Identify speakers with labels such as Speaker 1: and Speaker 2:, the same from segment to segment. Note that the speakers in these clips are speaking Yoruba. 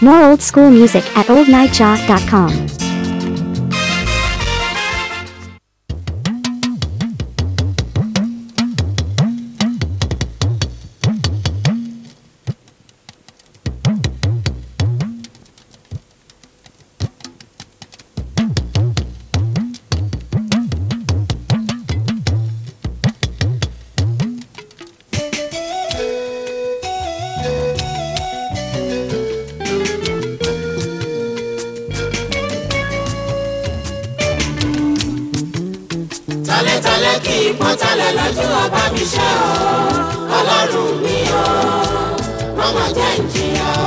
Speaker 1: More old school music at oldnightjaw.com. ìpọ́ntalẹ̀ lójú ọba mi ṣe o ọlọ́run mi o rọ́mọ jẹ́ ìjìyà o.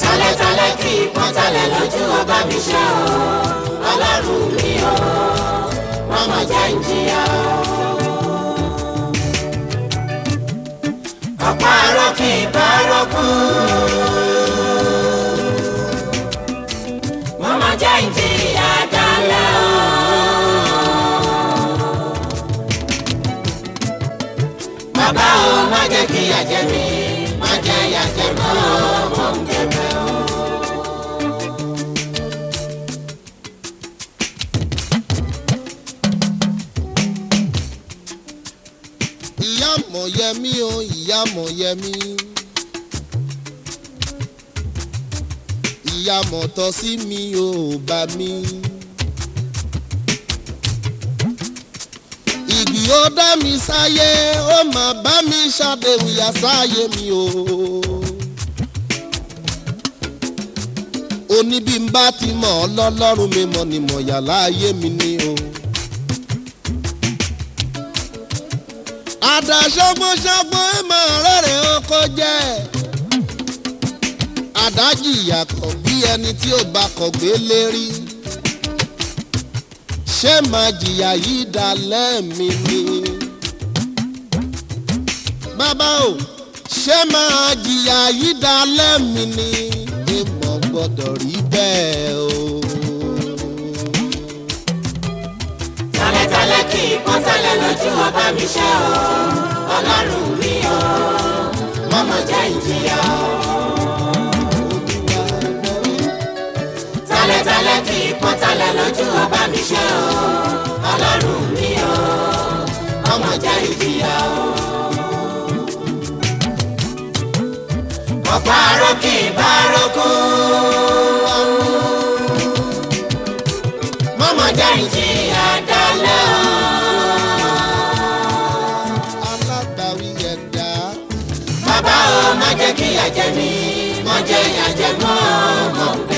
Speaker 1: talẹ́talẹ́ kí ìpọ́ntalẹ̀ lójú ọba mi ṣe o ọlọ́run mi o rọ́mọ jẹ́ ìjìyà o. ọ̀pá arọ́ kì í kú. wọ́n máa jẹ́ ìjì. o má jẹ́ kí ìyà jẹ mí má o.
Speaker 2: ìyá mọ̀yẹmí o ìyá mọ̀yẹmí. ìyá sí mi ò bá mi. tó dá mi sáyé ó mà bá mi ṣàdéhùn yà sáyé mi o. oní bí n bá ti mọ̀ ọ́ lọ́lọ́run mi mọ̀ ni mọ̀ yà láàyè mi ni o. àdàṣọ́gbọ́nṣọ́gbọ́n ẹ máa rẹ́rìn ọkọ jẹ́ àdájìyà kọ̀ bí ẹni tí ó bá kọ̀ gbé lérí ṣé màá jìyà yìí dalẹ̀ mi ni. bàbá o ṣé màá jìyà yìí dalẹ̀ mi ni. èèmọ̀ gbọ́dọ̀ rí bẹ́ẹ̀ o. tálẹ̀tálẹ̀ kì í pọ́n tálẹ̀ lójú ọba mi ṣe o
Speaker 1: ọlọ́run mi o mọ́mọ́ jẹ́ ìjìyà o. kí pọ́ńtálẹ̀ lójú ọba mi ṣe o ọlọ́run mi o ọmọ jẹ́ ìjìyà o. ọ̀pá arókè bá arókò. mọ́mọ́ jẹ́ ìjìyà dálẹ́ o. alábàáwí ẹ̀dá. bàbá o má jẹ́ kí ìyà jẹ mí mọ́ jẹ́ ìyà jẹ mọ́ mọ́.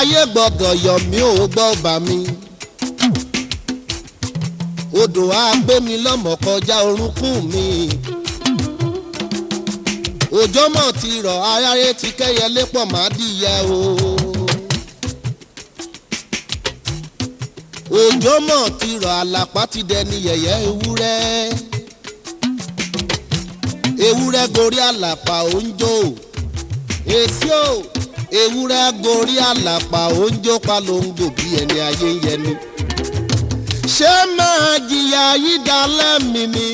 Speaker 2: ayé gbọ́dọ̀ yọ̀ mí ò gbọ́ bà mí. odò á gbé mi lọ́mọ kọjá orúnkún mi. òjò mọ̀ ti rọ̀ aráyé ti kẹ́yẹlé pọ̀ má dìyẹ o. òjò mọ̀ ti rọ̀ àlàpà ti dẹni yẹ̀yẹ́ ewúrẹ́. ewúrẹ́ gorí àlàpà ó ń jó. èsì o. Esi ewúrẹ́ gorí àlàpà ó ń jó palongo bí ẹni ayé ń yẹni. ṣé máa jìyà yídà lẹ́mìí ni.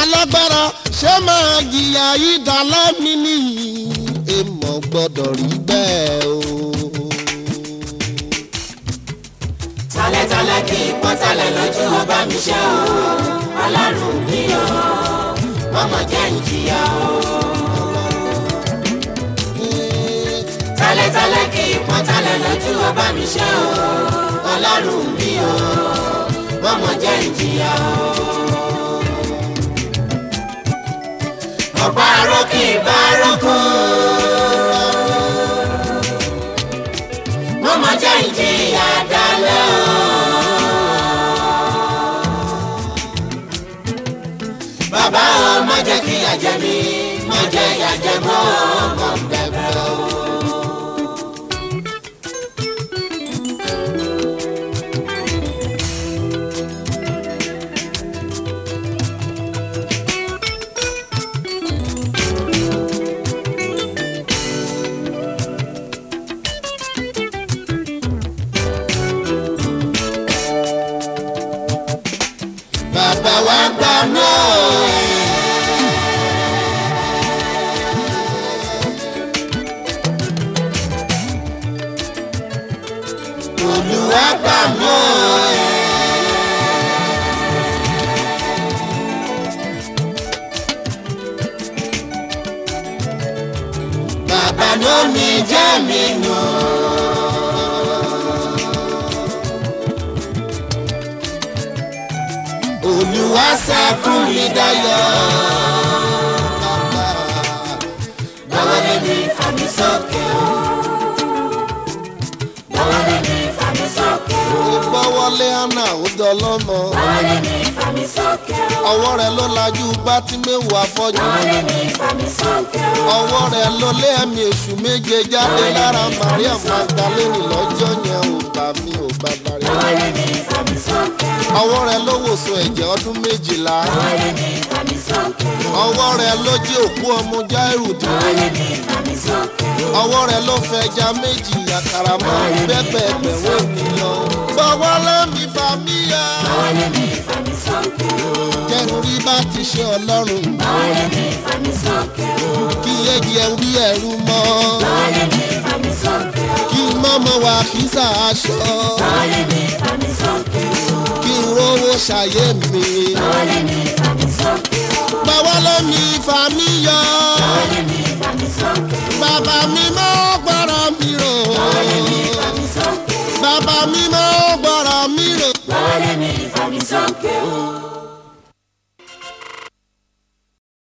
Speaker 2: alágbára ṣé máa jìyà yídà lẹ́mìí ni. èèmọ̀ gbọ́dọ̀ rí bẹ́ẹ̀ o. talẹ́talẹ́ kì í pọ́talẹ̀ lójú ọba mi
Speaker 1: ṣe o ọlọ́run mi o mọ́mọ́ jẹ́ ìjìyà o. talétalé kì í pọ́n talẹ̀ lójú ọba mi ṣe o ọlọ́run mi o mọ́mọ́ jẹ́ ìjìyà o. ọ̀pá aró kì í bá arókò mọ́mọ́ jẹ́ ìjìyà dálẹ́ o. bàbá o má jẹ́ jẹ mí má jẹ́ kábàámọ̀ ẹ̀. bàbá ló mi jẹ́ mi nù. Olúwa ṣẹ́kùn mi dayọ̀.
Speaker 2: Báwo lè mi fà mí sókè o? wálé hannah ó dán lọ́mọ. ọ̀rẹ́ mi fàmí sókè o. ọwọ́ rẹ̀ ló lajú bátí mẹ́wàá fọ́jú. ọ̀rẹ́ mi fàmí sókè o. ọwọ́ rẹ̀ ló lé ẹ̀mí èṣù méje jáde lára maria magdalene lọ́jọ́ yẹn ò bá mi ò bá darí. ọ̀rẹ́ mi fàmí sókè o. ọwọ́ rẹ̀ ló wòsàn ẹ̀jẹ̀ ọdún méjìlá. ọ̀rẹ́ mi ọwọ́ rẹ̀ ló jí òkú ọmọ Jáírù tó ọwọ́ rẹ̀ ló fẹja méjì àkàrà máa ń bẹ́bẹ̀ ẹgbẹ̀rún ènìyàn gbọ́wọ́ lẹ́mí fàmíyà kẹrù rí bá ti ṣe Ọlọ́run kí yé jẹ rí ẹ̀rù mọ́ kí mọ́mọ́ wà kí sàáṣọ kí n rówó ṣàyé mi gbàwọ́ ló ní ifá mi yọ. bàbá mi mọ́ gbọ́rọ̀ mi rò. bàbá mi mọ́ gbọ́rọ̀ mi rò. bàbá mi mọ́ gbọ́rọ̀ mi rò.